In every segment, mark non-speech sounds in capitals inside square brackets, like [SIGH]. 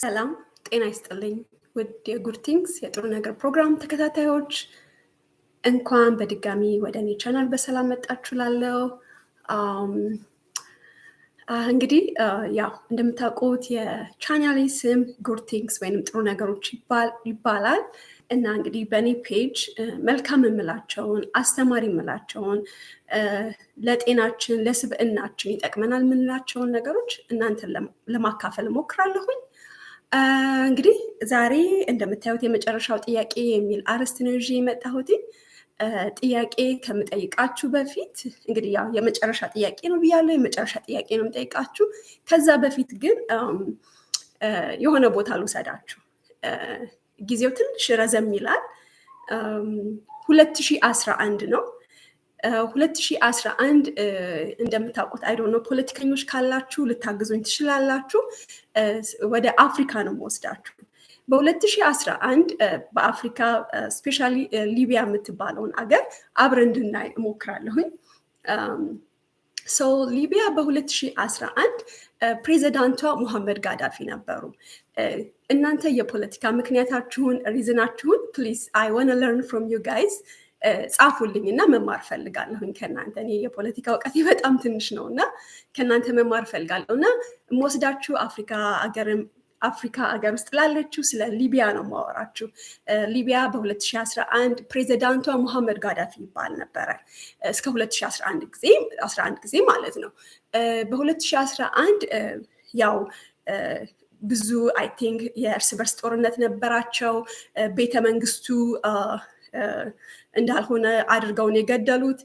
ሰላም ጤና ይስጥልኝ። ውድ የጉድ ቲንግስ የጥሩ ነገር ፕሮግራም ተከታታዮች እንኳን በድጋሚ ወደ እኔ ቻናል በሰላም መጣችሁ። ላለው እንግዲህ ያው እንደምታውቁት የቻናሌ ስም ጉድ ቲንግስ ወይም ጥሩ ነገሮች ይባላል እና እንግዲህ በእኔ ፔጅ መልካም የምላቸውን አስተማሪ የምላቸውን ለጤናችን ለስብዕናችን ይጠቅመናል የምንላቸውን ነገሮች እናንተን ለማካፈል እሞክራለሁኝ። እንግዲህ ዛሬ እንደምታዩት የመጨረሻው ጥያቄ የሚል አርዕስት ነው ይዤ የመጣሁት። ጥያቄ ከምጠይቃችሁ በፊት እንግዲህ ያው የመጨረሻ ጥያቄ ነው ብያለሁ። የመጨረሻ ጥያቄ ነው የምጠይቃችሁ። ከዛ በፊት ግን የሆነ ቦታ ልውሰዳችሁ። ጊዜው ትንሽ ረዘም ይላል። ሁለት ሺህ አስራ አንድ ነው ሁለት ሺህ አስራ አንድ እንደምታውቁት አይዶ ነው ፖለቲከኞች ካላችሁ ልታግዙኝ ትችላላችሁ። ወደ አፍሪካ ነው መወስዳችሁ። በ2011 በአፍሪካ ስፔሻሊ ሊቢያ የምትባለውን አገር አብረ እንድናይ እሞክራለሁኝ። ሰው ሊቢያ በ2011 ፕሬዚዳንቷ ሙሐመድ ጋዳፊ ነበሩ። እናንተ የፖለቲካ ምክንያታችሁን ሪዝናችሁን ፕሊዝ አይ ወነ ለርን ፍሮም ዩ ጋይዝ ጻፉልኝ እና መማር ፈልጋለሁኝ ከእናንተ እኔ የፖለቲካ እውቀቴ [LAUGHS] በጣም ትንሽ ነው እና ከእናንተ መማር ፈልጋለሁ እና የምወስዳችሁ አፍሪካ አገርም አፍሪካ ሀገር ውስጥ ላለችው ስለ ሊቢያ ነው ማወራችሁ። ሊቢያ በ2011 ፕሬዚዳንቷ ሙሐመድ ጋዳፊ ይባል ነበረ እስከ 2011 ጊዜ 11 ጊዜ ማለት ነው። በ2011 ያው ብዙ አይ ቲንክ የእርስ በርስ ጦርነት ነበራቸው ቤተ መንግስቱ እንዳልሆነ አድርገውን የገደሉት።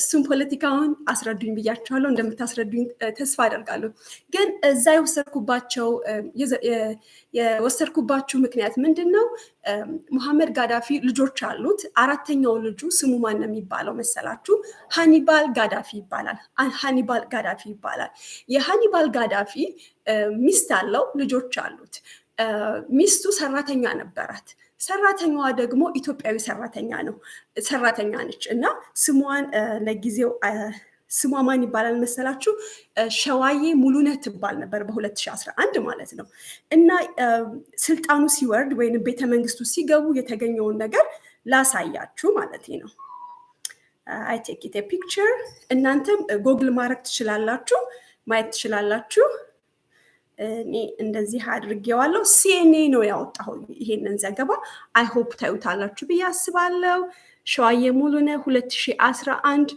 እሱም ፖለቲካውን አስረዱኝ ብያቸዋለሁ። እንደምታስረዱኝ ተስፋ አደርጋለሁ። ግን እዛ የወሰድኩባቸው የወሰድኩባችሁ ምክንያት ምንድን ነው? ሙሐመድ ጋዳፊ ልጆች አሉት። አራተኛው ልጁ ስሙ ማን ነው የሚባለው መሰላችሁ? ሃኒባል ጋዳፊ ይባላል። ሃኒባል ጋዳፊ ይባላል። የሃኒባል ጋዳፊ ሚስት አለው፣ ልጆች አሉት። ሚስቱ ሰራተኛ ነበራት። ሰራተኛዋ ደግሞ ኢትዮጵያዊ ሰራተኛ ነው ሰራተኛ ነች እና ስሟን ለጊዜው ስሟ ማን ይባላል መሰላችሁ? ሸዋዬ ሙሉነት ትባል ነበር በ2011 ማለት ነው። እና ስልጣኑ ሲወርድ ወይም ቤተ መንግስቱ ሲገቡ የተገኘውን ነገር ላሳያችሁ ማለት ነው። አይ ቴክ ኢት ፒክቸር እናንተም ጎግል ማድረግ ትችላላችሁ፣ ማየት ትችላላችሁ። እኔ እንደዚህ አድርጌዋለሁ። ሲኤንኤ ነው ያወጣው ይሄንን ዘገባ። አይሆፕ ታዩታላችሁ ብዬ አስባለሁ። ሸዋዬ ሙሉነ 2011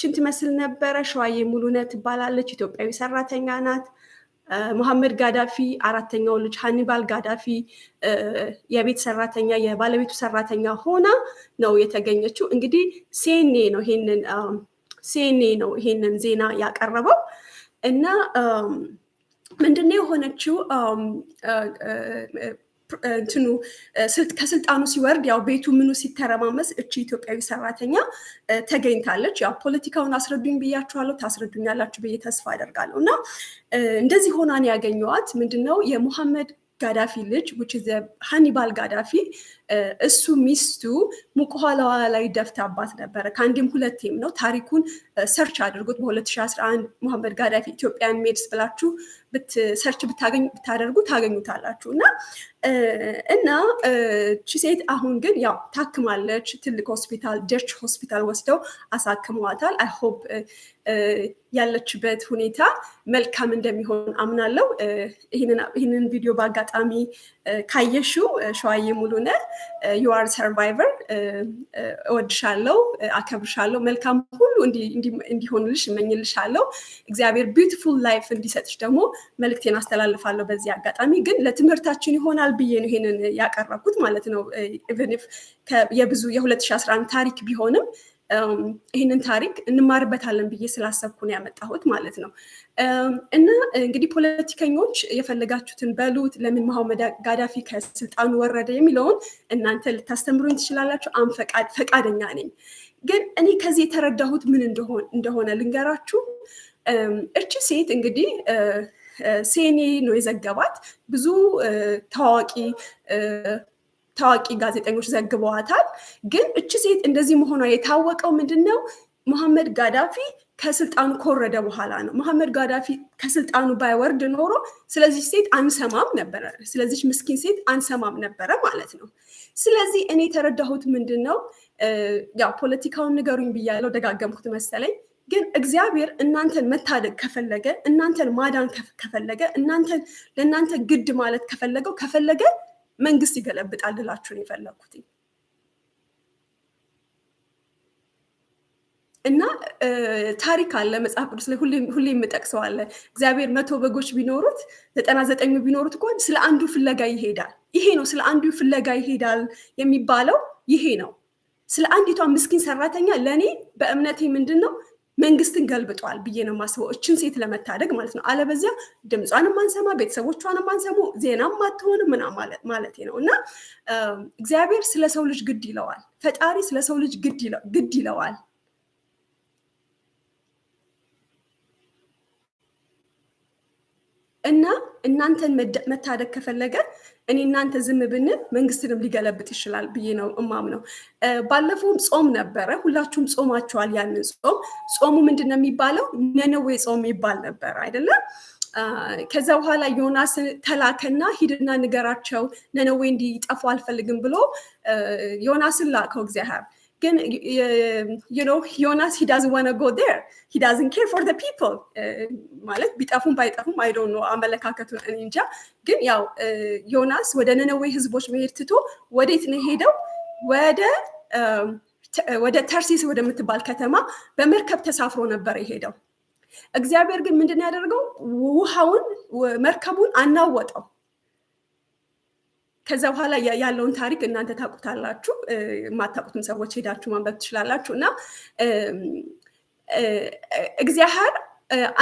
ችን ትመስል ነበረ። ሸዋዬ ሙሉነ ትባላለች፣ ኢትዮጵያዊ ሰራተኛ ናት። መሐመድ ጋዳፊ አራተኛው ልጅ ሃኒባል ጋዳፊ የቤት ሰራተኛ የባለቤቱ ሰራተኛ ሆና ነው የተገኘችው። እንግዲህ ሴኔ ነው ይሄንን ነው ይሄንን ዜና ያቀረበው እና ምንድነው የሆነችው እንትኑ ከስልጣኑ ሲወርድ ያው ቤቱ ምኑ ሲተረማመስ እቺ ኢትዮጵያዊ ሰራተኛ ተገኝታለች። ያው ፖለቲካውን አስረዱኝ ብያችኋለሁ፣ ታስረዱኛላችሁ ብዬ ተስፋ አደርጋለሁ። እና እንደዚህ ሆናን ያገኘዋት ምንድነው የሙሐመድ ጋዳፊ ልጅ ሃኒባል ጋዳፊ እሱ ሚስቱ ሙቅ ኋላዋ ላይ ደፍታባት ነበረ። ከአንዴም ሁለቴም ነው። ታሪኩን ሰርች አድርጉት። በ2011 መሐመድ ጋዳፊ ኢትዮጵያን ሜድስ ብላችሁ ሰርች ብታደርጉ ታገኙታላችሁ እና እና ቺሴት አሁን ግን ያው ታክማለች። ትልቅ ሆስፒታል ደርች ሆስፒታል ወስደው አሳክመዋታል። አይሆፕ ያለችበት ሁኔታ መልካም እንደሚሆን አምናለሁ። ይህንን ቪዲዮ በአጋጣሚ ካየሽው ሸዋዬ ሙሉነህ ዩአር ሰርቫይቨር እወድሻለው፣ አከብርሻለው። መልካም ሁሉ እንዲሆንልሽ እመኝልሻለው። እግዚአብሔር ቢዩቲፉል ላይፍ እንዲሰጥሽ ደግሞ መልክቴን አስተላልፋለሁ። በዚህ አጋጣሚ ግን ለትምህርታችን ይሆናል ብዬ ነው ይሄንን ያቀረብኩት ማለት ነው ኢቨን uh, ኢፍ የብዙ የ2011 ታሪክ ቢሆንም ይህንን ታሪክ እንማርበታለን ብዬ ስላሰብኩ ነው ያመጣሁት ማለት ነው። እና እንግዲህ ፖለቲከኞች የፈለጋችሁትን በሉት፣ ለምን መሐመድ ጋዳፊ ከስልጣኑ ወረደ የሚለውን እናንተ ልታስተምሩኝ ትችላላችሁ። አም ፈቃደኛ ነኝ። ግን እኔ ከዚህ የተረዳሁት ምን እንደሆነ ልንገራችሁ። እቺ ሴት እንግዲህ ሴኔ ነው የዘገባት ብዙ ታዋቂ ታዋቂ ጋዜጠኞች ዘግበዋታል። ግን እቺ ሴት እንደዚህ መሆኗ የታወቀው ምንድን ነው? መሐመድ ጋዳፊ ከስልጣኑ ከወረደ በኋላ ነው። መሐመድ ጋዳፊ ከስልጣኑ ባይወርድ ኖሮ ስለዚህ ሴት አንሰማም ነበረ፣ ስለዚህ ምስኪን ሴት አንሰማም ነበረ ማለት ነው። ስለዚህ እኔ የተረዳሁት ምንድን ነው፣ ያው ፖለቲካውን ንገሩኝ ብያለው፣ ደጋገምኩት መሰለኝ። ግን እግዚአብሔር እናንተን መታደግ ከፈለገ፣ እናንተን ማዳን ከፈለገ፣ እናንተን ለእናንተ ግድ ማለት ከፈለገው ከፈለገ መንግስት ይገለብጣል ልላችሁ ነው የፈለኩት እና ታሪክ አለ መጽሐፍ ቅዱስ ላይ ሁሌ የምጠቅሰው አለ። እግዚአብሔር መቶ በጎች ቢኖሩት ዘጠና ዘጠኙ ቢኖሩት እንኳን ስለ አንዱ ፍለጋ ይሄዳል። ይሄ ነው ስለ አንዱ ፍለጋ ይሄዳል የሚባለው ይሄ ነው። ስለ አንዲቷ ምስኪን ሰራተኛ ለእኔ በእምነቴ ምንድን ነው መንግስትን ገልብጠዋል ብዬ ነው ማስበው፣ እችን ሴት ለመታደግ ማለት ነው። አለበዚያ ድምጿን ማንሰማ ቤተሰቦቿን ማንሰሙ፣ ዜናም ማትሆን ምና ማለት ነው እና እግዚአብሔር ስለ ሰው ልጅ ግድ ይለዋል። ፈጣሪ ስለ ሰው ልጅ ግድ ይለዋል። እና እናንተን መታደግ ከፈለገ እኔ እናንተ ዝም ብንል መንግስትንም ሊገለብጥ ይችላል ብዬ ነው እማም ነው። ባለፈውም ጾም ነበረ፣ ሁላችሁም ጾማችኋል። ያንን ጾም ጾሙ ምንድን ነው የሚባለው? ነነዌ ጾም ይባል ነበር አይደለም? ከዛ በኋላ ዮናስ ተላከና ሂድና ንገራቸው ነነዌ እንዲጠፉ አልፈልግም ብሎ ዮናስን ላከው እግዚአብሔር ግን ዩ ኖ ዮናስ ሂ ዳዝንት ዋና ጎ ዴር ሂ ዳዝንት ኬር ፎር ዘ ፒፕል ማለት ቢጠፉም ባይጠፉም አይ ዶንት ኖ አመለካከቱን እንጃ። ግን ያው ዮናስ ወደ ነነዌ ህዝቦች መሄድ ትቶ ወዴት ነው ሄደው ወደ ወደ ተርሲስ ወደምትባል ከተማ በመርከብ ተሳፍሮ ነበር የሄደው። እግዚአብሔር ግን ምንድን ያደርገው ውሃውን መርከቡን አናወጠው። ከዛ በኋላ ያለውን ታሪክ እናንተ ታውቁታላችሁ። የማታውቁትም ሰዎች ሄዳችሁ ማንበብ ትችላላችሁ። እና እግዚአብሔር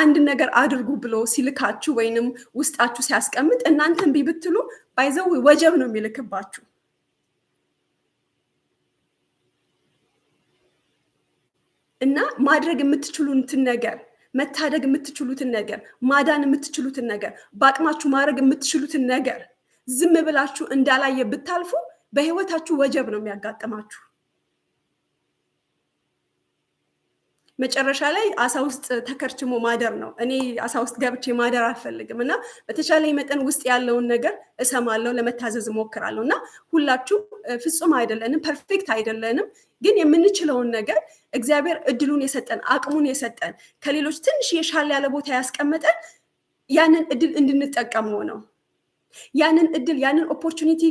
አንድ ነገር አድርጉ ብሎ ሲልካችሁ ወይንም ውስጣችሁ ሲያስቀምጥ እናንተ እምቢ ብትሉ ባይዘው ወጀብ ነው የሚልክባችሁ። እና ማድረግ የምትችሉትን ነገር መታደግ የምትችሉትን ነገር ማዳን የምትችሉትን ነገር በአቅማችሁ ማድረግ የምትችሉትን ነገር ዝም ብላችሁ እንዳላየ ብታልፉ በህይወታችሁ ወጀብ ነው የሚያጋጥማችሁ። መጨረሻ ላይ አሳ ውስጥ ተከርችሞ ማደር ነው። እኔ አሳ ውስጥ ገብቼ ማደር አልፈልግም እና በተቻለ መጠን ውስጥ ያለውን ነገር እሰማለሁ፣ ለመታዘዝ እሞክራለሁ። እና ሁላችሁ ፍጹም አይደለንም፣ ፐርፌክት አይደለንም። ግን የምንችለውን ነገር እግዚአብሔር እድሉን የሰጠን አቅሙን የሰጠን ከሌሎች ትንሽ የሻል ያለ ቦታ ያስቀመጠን ያንን እድል እንድንጠቀመው ነው። ያንን እድል ያንን ኦፖርቹኒቲ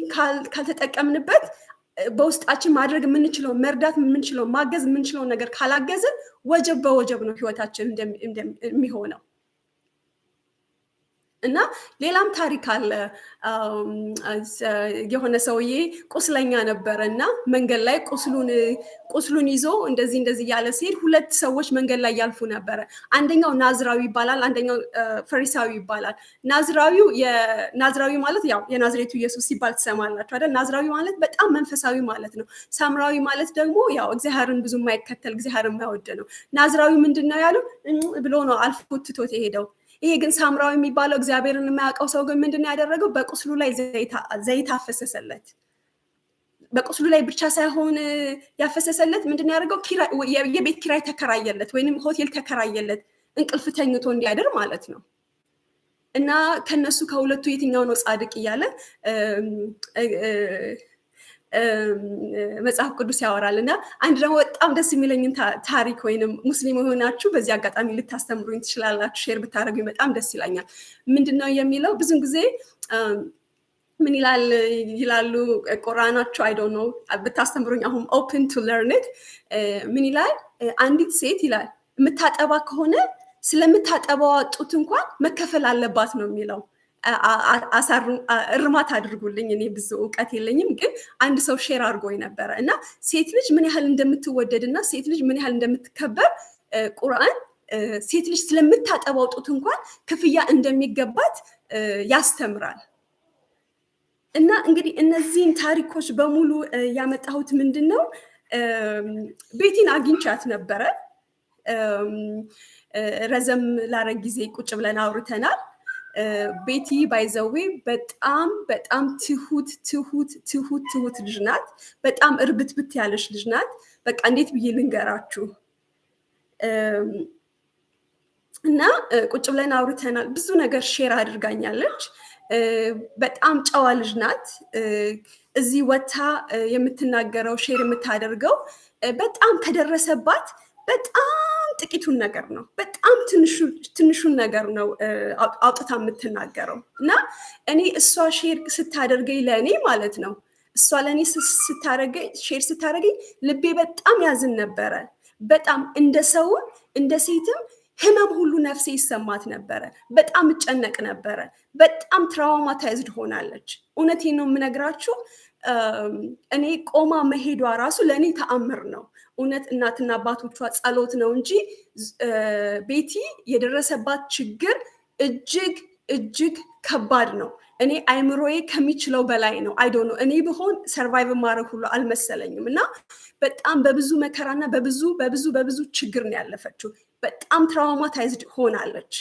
ካልተጠቀምንበት በውስጣችን ማድረግ የምንችለው መርዳት የምንችለው ማገዝ የምንችለው ነገር ካላገዝን ወጀብ በወጀብ ነው ህይወታችን የሚሆነው። እና ሌላም ታሪክ አለ። የሆነ ሰውዬ ቁስለኛ ነበረ እና መንገድ ላይ ቁስሉን ይዞ እንደዚህ እንደዚህ እያለ ሲሄድ ሁለት ሰዎች መንገድ ላይ ያልፉ ነበረ። አንደኛው ናዝራዊ ይባላል፣ አንደኛው ፈሪሳዊ ይባላል። ናዝራዊው ናዝራዊ ማለት ያው የናዝሬቱ ኢየሱስ ሲባል ትሰማላችሁ አይደል? ናዝራዊ ማለት በጣም መንፈሳዊ ማለት ነው። ሳምራዊ ማለት ደግሞ ያው እግዚአብሔርን ብዙ የማይከተል እግዚአብሔርን የማይወድ ነው። ናዝራዊ ምንድን ነው ያሉ ብሎ ነው አልፎ ትቶት የሄደው ይሄ ግን ሳምራዊ የሚባለው እግዚአብሔርን የማያውቀው ሰው ግን ምንድን ያደረገው? በቁስሉ ላይ ዘይት አፈሰሰለት። በቁስሉ ላይ ብቻ ሳይሆን ያፈሰሰለት ምንድን ያደርገው? የቤት ኪራይ ተከራየለት፣ ወይም ሆቴል ተከራየለት፣ እንቅልፍ ተኝቶ እንዲያድር ማለት ነው። እና ከነሱ ከሁለቱ የትኛው ነው ጻድቅ እያለ መጽሐፍ ቅዱስ ያወራል እና አንድ ደግሞ በጣም ደስ የሚለኝን ታሪክ ወይንም ሙስሊም የሆናችሁ በዚህ አጋጣሚ ልታስተምሩኝ ትችላላችሁ። ሼር ብታደረጉኝ በጣም ደስ ይላኛል። ምንድን ነው የሚለው ብዙን ጊዜ ምን ይላል ይላሉ ቁርአናችሁ አይደው ነው ብታስተምሩኝ አሁን ኦፕን ቱ ለርንድ ምን ይላል አንዲት ሴት ይላል የምታጠባ ከሆነ ስለምታጠባዋ ጡት እንኳን መከፈል አለባት ነው የሚለው እርማት አድርጉልኝ። እኔ ብዙ እውቀት የለኝም፣ ግን አንድ ሰው ሼር አድርጎኝ ነበረ እና ሴት ልጅ ምን ያህል እንደምትወደድ እና ሴት ልጅ ምን ያህል እንደምትከበር ቁርአን ሴት ልጅ ስለምታጠባው ጡት እንኳን ክፍያ እንደሚገባት ያስተምራል። እና እንግዲህ እነዚህን ታሪኮች በሙሉ ያመጣሁት ምንድን ነው ቤቲን አግኝቻት ነበረ። ረዘም ላረግ ጊዜ ቁጭ ብለን አውርተናል። ቤቲ ባይዘዌ በጣም በጣም ትሁት ትሁት ትሁት ትሁት ልጅ ናት። በጣም እርብትብት ያለች ልጅ ናት። በቃ እንዴት ብዬ ልንገራችሁ እና ቁጭ ብለን አውርተናል። ብዙ ነገር ሼር አድርጋኛለች። በጣም ጨዋ ልጅ ናት። እዚህ ወታ የምትናገረው ሼር የምታደርገው በጣም ከደረሰባት በጣም ጥቂቱን ነገር ነው፣ በጣም ትንሹን ነገር ነው አውጥታ የምትናገረው እና እኔ እሷ ሼር ስታደርገኝ ለእኔ ማለት ነው እሷ ለእኔ ሼር ስታደርገኝ ልቤ በጣም ያዝን ነበረ። በጣም እንደ ሰውም እንደ ሴትም ህመም ሁሉ ነፍሴ ይሰማት ነበረ። በጣም እጨነቅ ነበረ። በጣም ትራውማታይዝድ ሆናለች። እውነቴን ነው የምነግራችሁ እኔ ቆማ መሄዷ ራሱ ለእኔ ተአምር ነው። እውነት እናትና አባቶቿ ጸሎት ነው እንጂ ቤቲ የደረሰባት ችግር እጅግ እጅግ ከባድ ነው። እኔ አይምሮዬ ከሚችለው በላይ ነው። አይዶ ነው እኔ ብሆን ሰርቫይቭ ማድረግ ሁሉ አልመሰለኝም። እና በጣም በብዙ መከራና በብዙ በብዙ በብዙ ችግር ነው ያለፈችው። በጣም ትራውማታይዝድ ሆናለች።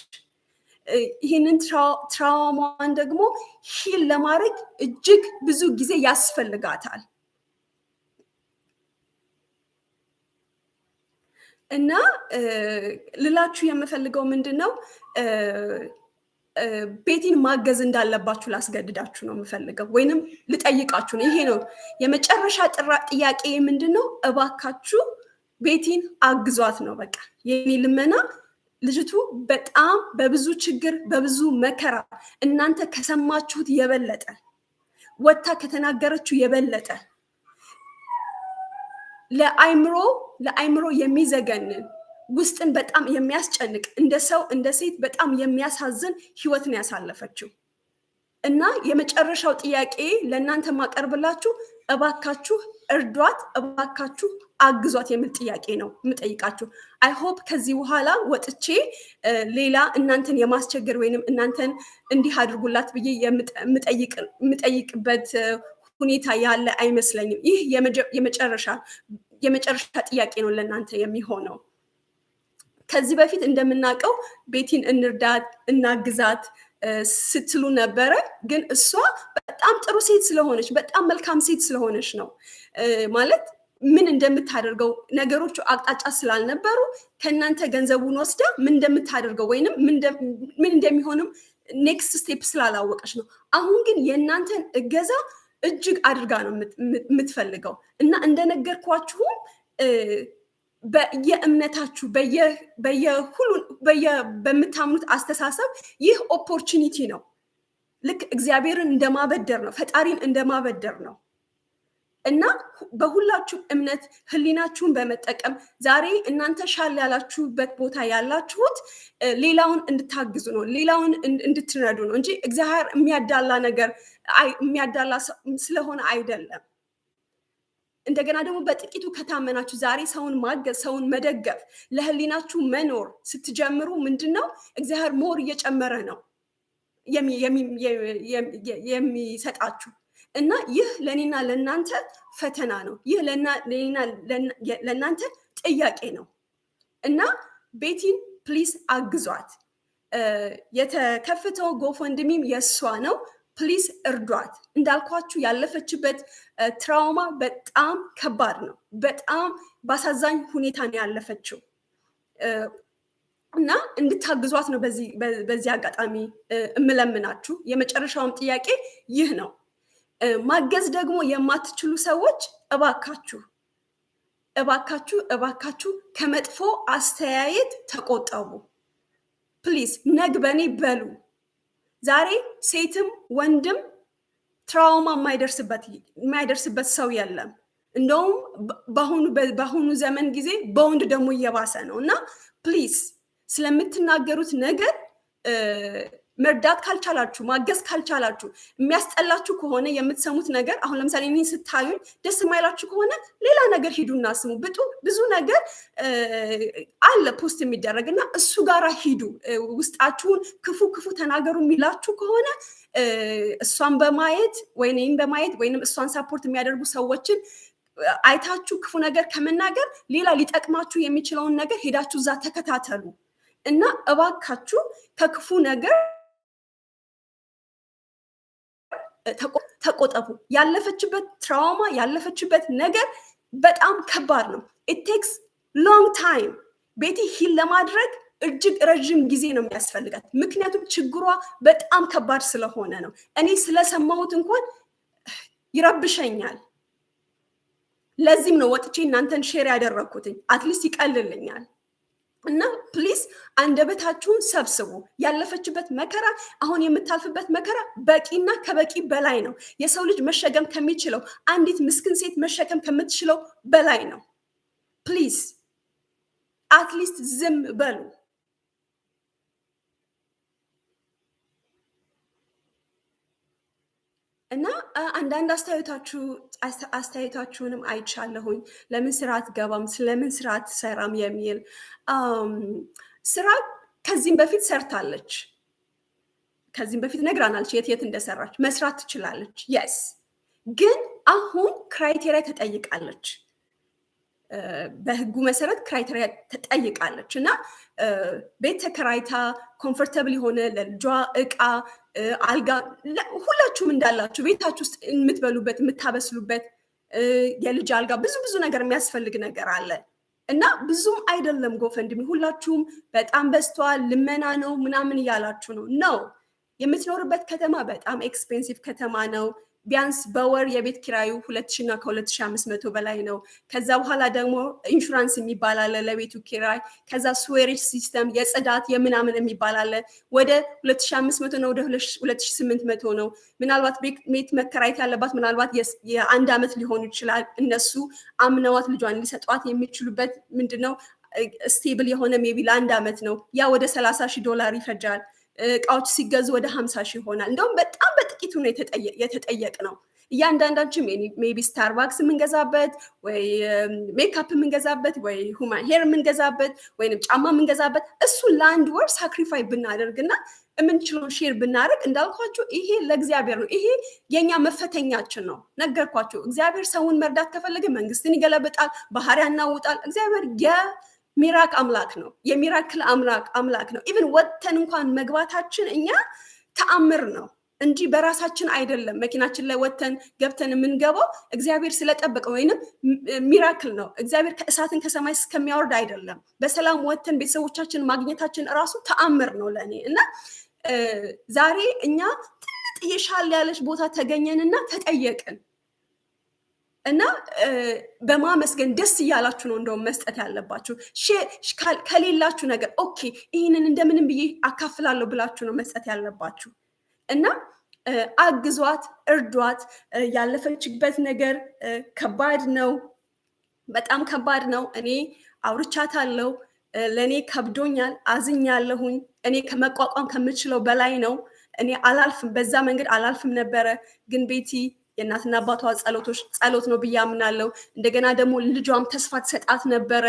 ይህንን ትራውማን ደግሞ ሂል ለማድረግ እጅግ ብዙ ጊዜ ያስፈልጋታል እና ልላችሁ የምፈልገው ምንድን ነው ቤቲን ማገዝ እንዳለባችሁ ላስገድዳችሁ ነው የምፈልገው፣ ወይንም ልጠይቃችሁ ነው። ይሄ ነው የመጨረሻ ጥያቄ ምንድን ነው? እባካችሁ ቤቲን አግዟት ነው በቃ የኔ ልመና። ልጅቱ በጣም በብዙ ችግር በብዙ መከራ እናንተ ከሰማችሁት የበለጠ ወታ ከተናገረችው የበለጠ ለአይምሮ ለአይምሮ የሚዘገንን ውስጥን በጣም የሚያስጨንቅ እንደ ሰው እንደ ሴት በጣም የሚያሳዝን ህይወትን ያሳለፈችው እና የመጨረሻው ጥያቄ ለእናንተ ማቀርብላችሁ እባካችሁ እርዷት፣ እባካችሁ አግዟት የሚል ጥያቄ ነው የምጠይቃችሁ። አይሆፕ ከዚህ በኋላ ወጥቼ ሌላ እናንተን የማስቸገር ወይንም እናንተን እንዲህ አድርጉላት ብዬ የምጠይቅበት ሁኔታ ያለ አይመስለኝም። ይህ የመጨረሻ የመጨረሻ ጥያቄ ነው ለእናንተ የሚሆነው። ከዚህ በፊት እንደምናውቀው ቤቲን እንርዳት፣ እናግዛት ስትሉ ነበረ። ግን እሷ በጣም ጥሩ ሴት ስለሆነች በጣም መልካም ሴት ስለሆነች ነው ማለት ምን እንደምታደርገው ነገሮቹ አቅጣጫ ስላልነበሩ ከእናንተ ገንዘቡን ወስዳ ምን እንደምታደርገው ወይንም ምን እንደሚሆንም ኔክስት ስቴፕ ስላላወቀች ነው። አሁን ግን የእናንተን እገዛ እጅግ አድርጋ ነው የምትፈልገው እና እንደነገርኳችሁም በየእምነታችሁ በምታምኑት አስተሳሰብ ይህ ኦፖርቹኒቲ ነው። ልክ እግዚአብሔርን እንደማበደር ነው፣ ፈጣሪን እንደማበደር ነው እና በሁላችሁም እምነት ህሊናችሁን በመጠቀም ዛሬ እናንተ ሻል ያላችሁበት ቦታ ያላችሁት ሌላውን እንድታግዙ ነው፣ ሌላውን እንድትረዱ ነው እንጂ እግዚአብሔር የሚያዳላ ነገር የሚያዳላ ስለሆነ አይደለም። እንደገና ደግሞ በጥቂቱ ከታመናችሁ ዛሬ ሰውን ማገዝ፣ ሰውን መደገፍ፣ ለህሊናችሁ መኖር ስትጀምሩ ምንድን ነው እግዚአብሔር ሞር እየጨመረ ነው የሚሰጣችሁ። እና ይህ ለእኔና ለእናንተ ፈተና ነው። ይህ ለእኔና ለእናንተ ጥያቄ ነው። እና ቤቲን ፕሊስ አግዟት። የተከፈተው ጎፈንድሚም የእሷ ነው። ፕሊስ እርዷት። እንዳልኳችሁ ያለፈችበት ትራውማ በጣም ከባድ ነው። በጣም በአሳዛኝ ሁኔታ ነው ያለፈችው እና እንድታግዟት ነው በዚህ አጋጣሚ እምለምናችሁ። የመጨረሻውም ጥያቄ ይህ ነው። ማገዝ ደግሞ የማትችሉ ሰዎች እባካችሁ እባካችሁ እባካችሁ ከመጥፎ አስተያየት ተቆጠቡ። ፕሊስ ነግ በኔ በሉ ዛሬ ሴትም ወንድም ትራውማ የማይደርስበት ሰው የለም። እንደውም በአሁኑ ዘመን ጊዜ በወንድ ደግሞ እየባሰ ነው እና ፕሊዝ ስለምትናገሩት ነገር መርዳት ካልቻላችሁ፣ ማገዝ ካልቻላችሁ፣ የሚያስጠላችሁ ከሆነ የምትሰሙት ነገር አሁን ለምሳሌ እኔ ስታዩኝ ደስ የማይላችሁ ከሆነ ሌላ ነገር ሂዱና ስሙ። ብጡ ብዙ ነገር አለ ፖስት የሚደረግ እና እሱ ጋራ ሂዱ። ውስጣችሁን ክፉ ክፉ ተናገሩ የሚላችሁ ከሆነ እሷን በማየት ወይም በማየት ወይም እሷን ሰፖርት የሚያደርጉ ሰዎችን አይታችሁ ክፉ ነገር ከመናገር ሌላ ሊጠቅማችሁ የሚችለውን ነገር ሄዳችሁ እዛ ተከታተሉ እና እባካችሁ ከክፉ ነገር ተቆጠቡ። ያለፈችበት ትራውማ ያለፈችበት ነገር በጣም ከባድ ነው። ኢቴክስ ሎንግ ታይም ቤቲ ሂል ለማድረግ እጅግ ረዥም ጊዜ ነው የሚያስፈልጋት፣ ምክንያቱም ችግሯ በጣም ከባድ ስለሆነ ነው። እኔ ስለሰማሁት እንኳን ይረብሸኛል። ለዚህም ነው ወጥቼ እናንተን ሼር ያደረግኩትኝ። አትሊስት ይቀልልኛል። እና ፕሊስ አንደበታችሁን ሰብስቡ። ያለፈችበት መከራ አሁን የምታልፍበት መከራ በቂና ከበቂ በላይ ነው። የሰው ልጅ መሸከም ከሚችለው አንዲት ምስኪን ሴት መሸከም ከምትችለው በላይ ነው። ፕሊዝ አትሊስት ዝም በሉ። እና አንዳንድ አስተያየታችሁንም አይቻለሁኝ። ለምን ስራ አትገባም፣ ስለምን ስራ አትሰራም የሚል ስራ ከዚህም በፊት ሰርታለች፣ ከዚህም በፊት ነግራናለች፣ የት የት እንደሰራች መስራት ትችላለች። የስ ግን አሁን ክራይቴሪያ ተጠይቃለች። በህጉ መሰረት ክራይቴሪያ ተጠይቃለች እና ቤት ተከራይታ ኮምፎርተብል የሆነ ለልጇ እቃ፣ አልጋ ሁላችሁም እንዳላችሁ ቤታችሁ ውስጥ የምትበሉበት የምታበስሉበት የልጅ አልጋ ብዙ ብዙ ነገር የሚያስፈልግ ነገር አለ እና ብዙም አይደለም ጎፈንድሚ ሁላችሁም በጣም በዝተዋል፣ ልመና ነው ምናምን እያላችሁ ነው ነው የምትኖርበት ከተማ በጣም ኤክስፔንሲቭ ከተማ ነው። ቢያንስ በወር የቤት ኪራዩ ሁለት ሺ እና ከሁለት ሺ አምስት መቶ በላይ ነው። ከዛ በኋላ ደግሞ ኢንሹራንስ የሚባል አለ ለቤቱ ኪራይ። ከዛ ስዌሬጅ ሲስተም የጽዳት የምናምን የሚባል አለ ወደ ሁለት ሺ አምስት መቶ ነው ወደ ሁለት ሺ ስምንት መቶ ነው። ምናልባት ቤት መከራየት ያለባት ምናልባት የአንድ ዓመት ሊሆኑ ይችላል። እነሱ አምነዋት ልጇን ሊሰጧት የሚችሉበት ምንድነው ስቴብል የሆነ ሜቢ ለአንድ ዓመት ነው። ያ ወደ ሰላሳ ሺህ ዶላር ይፈጃል። እቃዎች ሲገዙ ወደ ሀምሳ ሺህ ይሆናል። እንደውም በጣም በጥቂቱ ነው የተጠየቅ ነው። እያንዳንዳችን ሜቢ ስታርባክስ የምንገዛበት ወይ ሜካፕ የምንገዛበት ወይ ሁማን ሄር የምንገዛበት ወይም ጫማ የምንገዛበት እሱ ለአንድ ወር ሳክሪፋይ ብናደርግና የምንችለውን ሼር ብናደርግ እንዳልኳቸው ይሄ ለእግዚአብሔር ነው። ይሄ የኛ መፈተኛችን ነው። ነገርኳቸው። እግዚአብሔር ሰውን መርዳት ከፈለገ መንግስትን ይገለብጣል፣ ባህር ያናውጣል። እግዚአብሔር ሚራክ አምላክ ነው። የሚራክል አምላክ አምላክ ነው። ኢቨን ወጥተን እንኳን መግባታችን እኛ ተአምር ነው እንጂ በራሳችን አይደለም። መኪናችን ላይ ወጥተን ገብተን የምንገባው እግዚአብሔር ስለጠበቀ ወይንም ሚራክል ነው። እግዚአብሔር ከእሳትን ከሰማይ እስከሚያወርድ አይደለም። በሰላም ወጥተን ቤተሰቦቻችን ማግኘታችን እራሱ ተአምር ነው ለእኔ እና ዛሬ እኛ ትንጥ የሻል ያለች ቦታ ተገኘንና ተጠየቅን እና በማመስገን ደስ እያላችሁ ነው እንደውም መስጠት ያለባችሁ። ከሌላችሁ ነገር ኦኬ ይህንን እንደምንም ብዬ አካፍላለሁ ብላችሁ ነው መስጠት ያለባችሁ። እና አግዟት፣ እርዷት። ያለፈችበት ነገር ከባድ ነው፣ በጣም ከባድ ነው። እኔ አውርቻታለሁ። ለእኔ ከብዶኛል፣ አዝኛለሁኝ። እኔ ከመቋቋም ከምችለው በላይ ነው። እኔ አላልፍም፣ በዛ መንገድ አላልፍም ነበረ ግን ቤቲ የእናትና አባቷ ጸሎቶች ጸሎት ነው ብዬ አምናለሁ። እንደገና ደግሞ ልጇም ተስፋ ትሰጣት ነበረ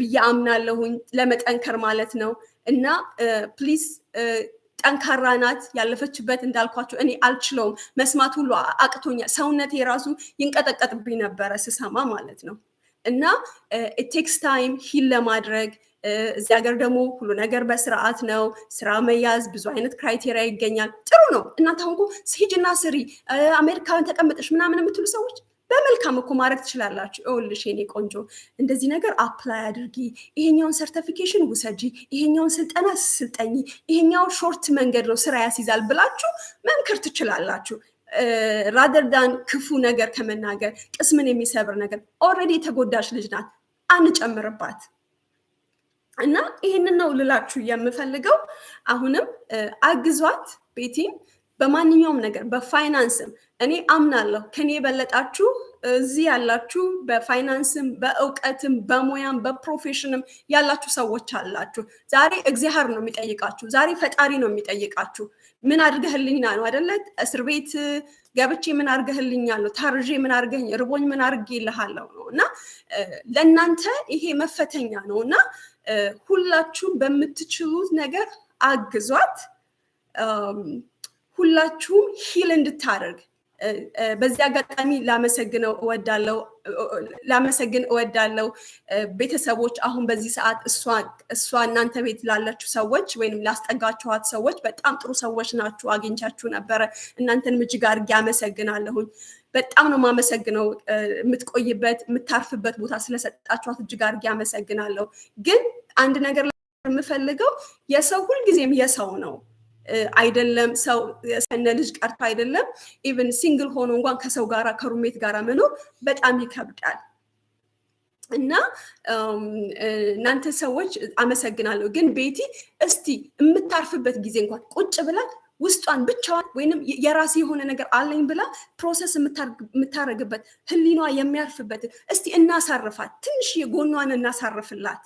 ብዬ አምናለሁኝ ለመጠንከር ማለት ነው። እና ፕሊስ ጠንካራ ናት። ያለፈችበት እንዳልኳቸው እኔ አልችለውም፣ መስማት ሁሉ አቅቶኛል። ሰውነቴ የራሱ ይንቀጠቀጥብኝ ነበረ ስሰማ ማለት ነው። እና ኢት ቴክስ ታይም ሂል ለማድረግ እዚህ ሀገር ደግሞ ሁሉ ነገር በስርዓት ነው። ስራ መያዝ ብዙ አይነት ክራይቴሪያ ይገኛል። ጥሩ ነው። እናንተ አሁን እኮ ስሂጅና ስሪ አሜሪካን ተቀምጠሽ ምናምን የምትሉ ሰዎች በመልካም እኮ ማድረግ ትችላላችሁ። እውልሽ የኔ ቆንጆ እንደዚህ ነገር አፕላይ አድርጊ፣ ይሄኛውን ሰርተፊኬሽን ውሰጂ፣ ይሄኛውን ስልጠና ስልጠኝ፣ ይሄኛው ሾርት መንገድ ነው ስራ ያስይዛል ብላችሁ መምከር ትችላላችሁ። ራደር ዳን ክፉ ነገር ከመናገር ቅስምን የሚሰብር ነገር ኦልሬዲ የተጎዳች ልጅ ናት፣ አንጨምርባት። እና ይህንን ነው ልላችሁ የምፈልገው። አሁንም አግዟት ቤቲን በማንኛውም ነገር በፋይናንስም እኔ አምናለሁ ከኔ የበለጣችሁ እዚህ ያላችሁ በፋይናንስም በእውቀትም በሙያም በፕሮፌሽንም ያላችሁ ሰዎች አላችሁ። ዛሬ እግዚአብሔር ነው የሚጠይቃችሁ። ዛሬ ፈጣሪ ነው የሚጠይቃችሁ። ምን አድርገህልኝ ነው አደለ እስር ቤት ገብቼ ምን አርገህልኛለሁ፣ ታርዤ ምን አርገኝ፣ ርቦኝ ምን አርጌ ይልሃለሁ ነው እና ለእናንተ ይሄ መፈተኛ ነው እና ሁላችሁም በምትችሉት ነገር አግዟት። ሁላችሁም ሂል እንድታደርግ በዚህ አጋጣሚ ላመሰግነው እወዳለው ላመሰግን እወዳለው ቤተሰቦች አሁን በዚህ ሰዓት እሷ እናንተ ቤት ላላችሁ ሰዎች ወይም ላስጠጋችኋት ሰዎች በጣም ጥሩ ሰዎች ናችሁ። አግኝቻችሁ ነበረ። እናንተንም ምጅግ አድርጌ አመሰግናለሁኝ። በጣም ነው ማመሰግነው የምትቆይበት የምታርፍበት ቦታ ስለሰጣችኋት እጅግ አድርጌ አመሰግናለሁ። ግን አንድ ነገር የምፈልገው የሰው ሁልጊዜም የሰው ነው አይደለም ሰው ከነ ልጅ ቀርቶ አይደለም ኢቨን ሲንግል ሆኖ እንኳን ከሰው ጋራ ከሩሜት ጋራ መኖር በጣም ይከብዳል። እና እናንተ ሰዎች አመሰግናለሁ። ግን ቤቲ እስቲ የምታርፍበት ጊዜ እንኳን ቁጭ ብላ ውስጧን ብቻዋን ወይንም የራሴ የሆነ ነገር አለኝ ብላ ፕሮሰስ የምታደርግበት ህሊኗ የሚያርፍበት እስቲ እናሳርፋት፣ ትንሽ የጎኗን እናሳርፍላት።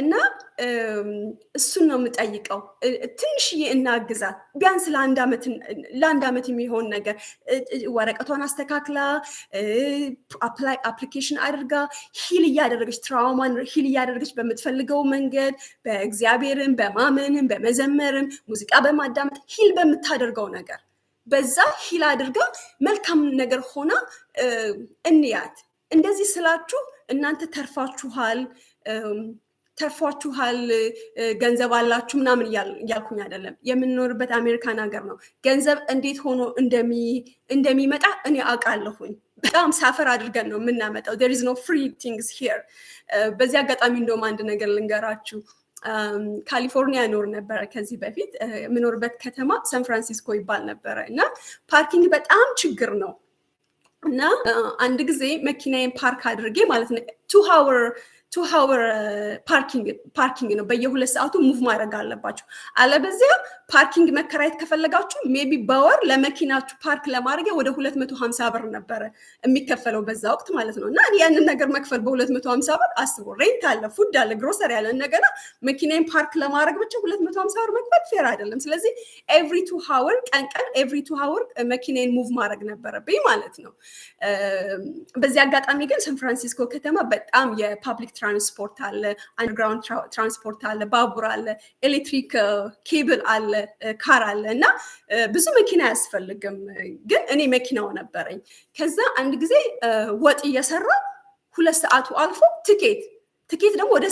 እና እሱን ነው የምጠይቀው። ትንሽዬ እናግዛት ቢያንስ ለአንድ ዓመት የሚሆን ነገር ወረቀቷን አስተካክላ አፕሊኬሽን አድርጋ ሂል እያደረገች ትራውማን ሂል እያደረገች በምትፈልገው መንገድ በእግዚአብሔርም በማመንም በመዘመርም ሙዚቃ በማዳመጥ ሂል በምታደርገው ነገር በዛ ሂል አድርጋ መልካም ነገር ሆና እንያት። እንደዚህ ስላችሁ እናንተ ተርፋችኋል። ተርፏችኋል፣ ገንዘብ አላችሁ ምናምን እያልኩኝ አይደለም። የምንኖርበት አሜሪካን ሀገር ነው። ገንዘብ እንዴት ሆኖ እንደሚመጣ እኔ አውቃለሁኝ። በጣም ሳፈር አድርገን ነው የምናመጣው። ዜር ኢዝ ኖ ፍሪ ቲንግስ ሂር። በዚህ አጋጣሚ እንደውም አንድ ነገር ልንገራችሁ። ካሊፎርኒያ ኖር ነበረ ከዚህ በፊት የምኖርበት ከተማ ሳን ፍራንሲስኮ ይባል ነበረ እና ፓርኪንግ በጣም ችግር ነው እና አንድ ጊዜ መኪናዬን ፓርክ አድርጌ ማለት ነው ቱ ሃወር ቱ ሀወር ፓርኪንግ ነው። በየሁለት ሰዓቱ ሙቭ ማድረግ አለባችሁ። አለበዚያ ፓርኪንግ መከራየት ከፈለጋችሁ ሜቢ በወር ለመኪናችሁ ፓርክ ለማድረጊያ ወደ ሁለት መቶ ሀምሳ ብር ነበረ የሚከፈለው በዛ ወቅት ማለት ነው። እና ያንን ነገር መክፈል በሁለት መቶ ሀምሳ ብር አስቡ። ሬንት አለ፣ ፉድ አለ፣ ግሮሰሪ አለ። እንደገና መኪናን ፓርክ ለማድረግ ብቻ ሁለት መቶ ሀምሳ ብር መክፈል ፌር አይደለም። ስለዚህ ኤቭሪ ቱ ሀወር ቀን ቀን ኤቭሪ ቱ ሀወር መኪናን ሙቭ ማድረግ ነበረብኝ ማለት ነው። በዚህ አጋጣሚ ግን ሳንፍራንሲስኮ ከተማ በጣም የፓብሊክ ትራንስፖርት አለ፣ አንደርግራውንድ ትራንስፖርት አለ፣ ባቡር አለ፣ ኤሌክትሪክ ኬብል አለ፣ ካር አለ እና ብዙ መኪና አያስፈልግም። ግን እኔ መኪናው ነበረኝ። ከዛ አንድ ጊዜ ወጥ እየሰራ ሁለት ሰዓቱ አልፎ ትኬት ትኬት ደግሞ ወደ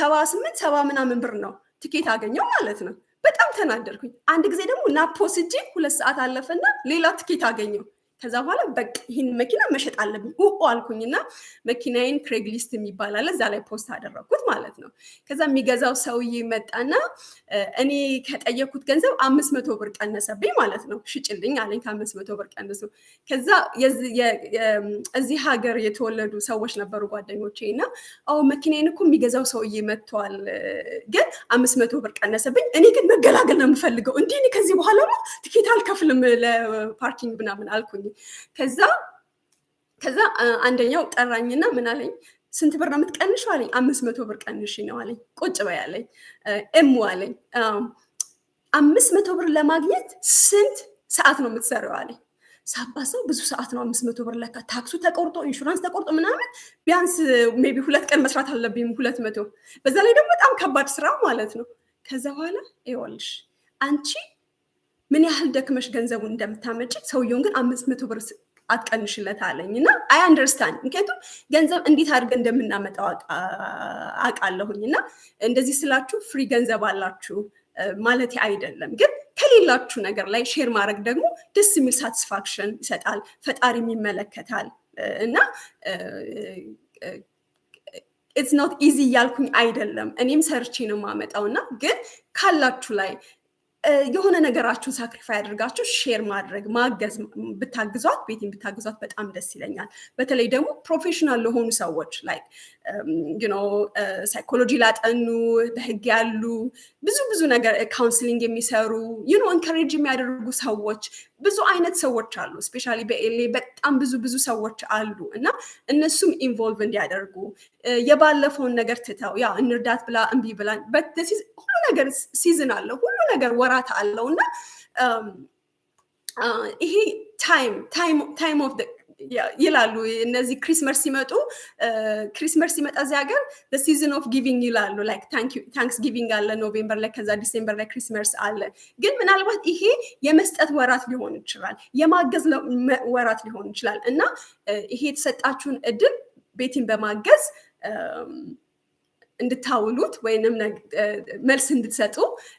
ሰባ ስምንት ሰባ ምናምን ብር ነው ትኬት አገኘው ማለት ነው። በጣም ተናደርኩኝ። አንድ ጊዜ ደግሞ ናፖስ እጄ ሁለት ሰዓት አለፈና ሌላ ትኬት አገኘው ከዛ በኋላ በቃ ይህን መኪና መሸጥ አለብኝ ውኦ አልኩኝና መኪናዬን ክሬግሊስት የሚባል አለ እዛ ላይ ፖስት አደረግኩት ማለት ነው። ከዛ የሚገዛው ሰውዬ መጣና እኔ ከጠየኩት ገንዘብ አምስት መቶ ብር ቀነሰብኝ ማለት ነው። ሽጭልኝ አለኝ ከአምስት መቶ ብር ቀነሱ ከዛ እዚህ ሀገር የተወለዱ ሰዎች ነበሩ ጓደኞቼ እና አዎ መኪናዬን እኮ የሚገዛው ሰውዬ መጥተዋል፣ ግን አምስት መቶ ብር ቀነሰብኝ። እኔ ግን መገላገል ነው የምፈልገው እንዲህ ከዚህ በኋላ ትኬት አልከፍልም ለፓርኪንግ ምናምን አልኩኝ። ከዛ ከዛ አንደኛው ጠራኝና ምን አለኝ ስንት ብር ነው የምትቀንሽው አለኝ አምስት መቶ ብር ቀንሽ ነው አለኝ ቁጭ በይ አለኝ እሙ አለኝ አምስት መቶ ብር ለማግኘት ስንት ሰዓት ነው የምትሰራው አለኝ ሳባሰው ብዙ ሰዓት ነው አምስት መቶ ብር ለካ ታክሱ ተቆርጦ ኢንሹራንስ ተቆርጦ ምናምን ቢያንስ ሜይ ቢ ሁለት ቀን መስራት አለብኝ ሁለት መቶ በዛ ላይ ደግሞ በጣም ከባድ ስራ ማለት ነው ከዛ በኋላ ይኸውልሽ አንቺ ምን ያህል ደክመሽ ገንዘቡን እንደምታመጭ ሰውየውን ግን አምስት መቶ ብር አትቀንሽለት አለኝ እና አይ አንደርስታንድ ምክንያቱም ገንዘብ እንዴት አድርገን እንደምናመጣው አውቃለሁኝ እና እንደዚህ ስላችሁ ፍሪ ገንዘብ አላችሁ ማለት አይደለም ግን ከሌላችሁ ነገር ላይ ሼር ማድረግ ደግሞ ደስ የሚል ሳቲስፋክሽን ይሰጣል ፈጣሪም ይመለከታል እና ኢትስ ኖት ኢዚ እያልኩኝ አይደለም እኔም ሰርቼ ነው የማመጣው እና ግን ካላችሁ ላይ የሆነ ነገራችሁን ሳክሪፋይ አድርጋችሁ ሼር ማድረግ ማገዝ ብታግዟት ቤቲን ብታግዟት በጣም ደስ ይለኛል። በተለይ ደግሞ ፕሮፌሽናል ለሆኑ ሰዎች ላይ ሳይኮሎጂ ላጠኑ በህግ ያሉ ብዙ ብዙ ነገር ካውንስሊንግ የሚሰሩ ዩኖ ኢንካሬጅ የሚያደርጉ ሰዎች ብዙ አይነት ሰዎች አሉ። ስፔሻሊ በኤሌ በጣም ብዙ ብዙ ሰዎች አሉ እና እነሱም ኢንቮልቭ እንዲያደርጉ የባለፈውን ነገር ትተው ያ እንርዳት ብላ እምቢ ብላ ሁሉ ነገር ሲዝን አለው ሁሉ ነገር ወራት አለው እና ይሄ ታይም ታይም ኦፍ ይላሉ እነዚህ ክሪስመስ ሲመጡ ክሪስመስ ሲመጣ እዚህ ሀገር ሲዝን ኦፍ ጊቪንግ ይላሉ ላይክ ታንክስ ጊቪንግ አለ ኖቬምበር ላይ ከዛ ዲሴምበር ላይ ክሪስመስ አለ ግን ምናልባት ይሄ የመስጠት ወራት ሊሆን ይችላል የማገዝ ወራት ሊሆን ይችላል እና ይሄ የተሰጣችሁን እድል ቤቲን በማገዝ እንድታውሉት ወይንም መልስ እንድትሰጡ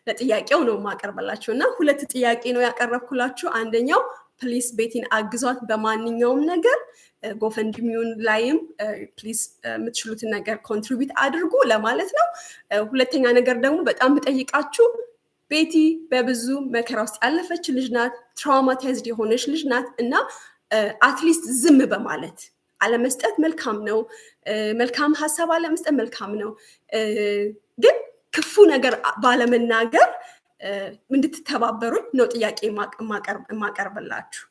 ለጥያቄው ነው የማቀርበላችሁ እና ሁለት ጥያቄ ነው ያቀረብኩላችሁ። አንደኛው ፕሊስ ቤቲን አግዟት በማንኛውም ነገር ጎፈንድሚውን ላይም ፕሊስ የምትችሉትን ነገር ኮንትሪቢት አድርጉ ለማለት ነው። ሁለተኛ ነገር ደግሞ በጣም ብጠይቃችሁ ቤቲ በብዙ መከራ ውስጥ ያለፈች ልጅ ናት። ትራውማታይዝድ የሆነች ልጅ ናት እና አትሊስት ዝም በማለት አለመስጠት መልካም ነው። መልካም ሀሳብ አለመስጠት መልካም ነው። ግን ክፉ ነገር ባለመናገር እንድትተባበሩኝ ነው ጥያቄ የማቀርብላችሁ።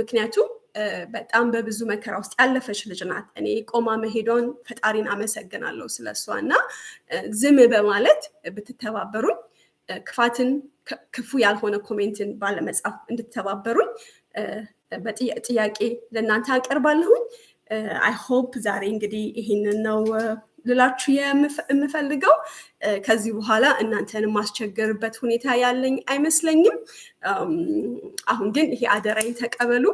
ምክንያቱም በጣም በብዙ መከራ ውስጥ ያለፈች ልጅ ናት። እኔ ቆማ መሄዷን ፈጣሪን አመሰግናለሁ ስለሷ እና ዝም በማለት ብትተባበሩኝ ክፋትን ክፉ ያልሆነ ኮሜንትን ባለመጻፍ እንድትተባበሩኝ ጥያቄ ለእናንተ አቀርባለሁኝ። አይ ሆፕ ዛሬ እንግዲህ ይሄንን ነው ልላችሁ የምፈልገው። ከዚህ በኋላ እናንተን ማስቸገርበት ሁኔታ ያለኝ አይመስለኝም። አሁን ግን ይሄ አደራይን ተቀበሉ።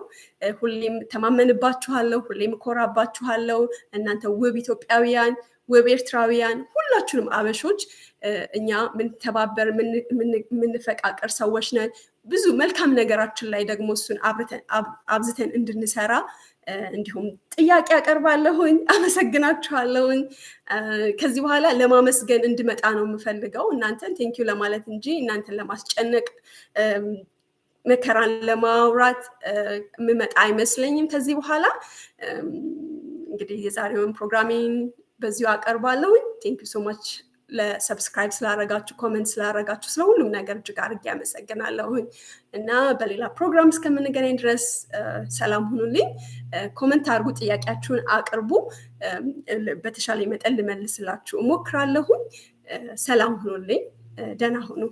ሁሌም ተማመንባችኋለሁ፣ ሁሌም ኮራባችኋለሁ እናንተ ውብ ኢትዮጵያውያን ወብ ኤርትራውያን ሁላችሁንም አበሾች እኛ ምንተባበር የምንፈቃቀር ሰዎች ነን። ብዙ መልካም ነገራችን ላይ ደግሞ እሱን አብዝተን እንድንሰራ እንዲሁም ጥያቄ አቀርባለሁኝ። አመሰግናችኋለሁኝ። ከዚህ በኋላ ለማመስገን እንድመጣ ነው የምፈልገው እናንተን ቴንኪዩ ለማለት እንጂ እናንተን ለማስጨነቅ መከራን ለማውራት የምመጣ አይመስለኝም። ከዚህ በኋላ እንግዲህ የዛሬውን ፕሮግራሚን በዚሁ አቀርባለሁ። ቴንክ ሶ ማች ለሰብስክራይብ ስላረጋችሁ፣ ኮመንት ስላረጋችሁ፣ ስለሁሉም ነገር እጅግ አድርጌ ያመሰግናለሁኝ እና በሌላ ፕሮግራም እስከምንገናኝ ድረስ ሰላም ሁኑልኝ። ኮመንት አድርጉ፣ ጥያቄያችሁን አቅርቡ። በተሻለ መጠን ልመልስላችሁ እሞክራለሁኝ። ሰላም ሁኑልኝ። ደህና ሁኑ።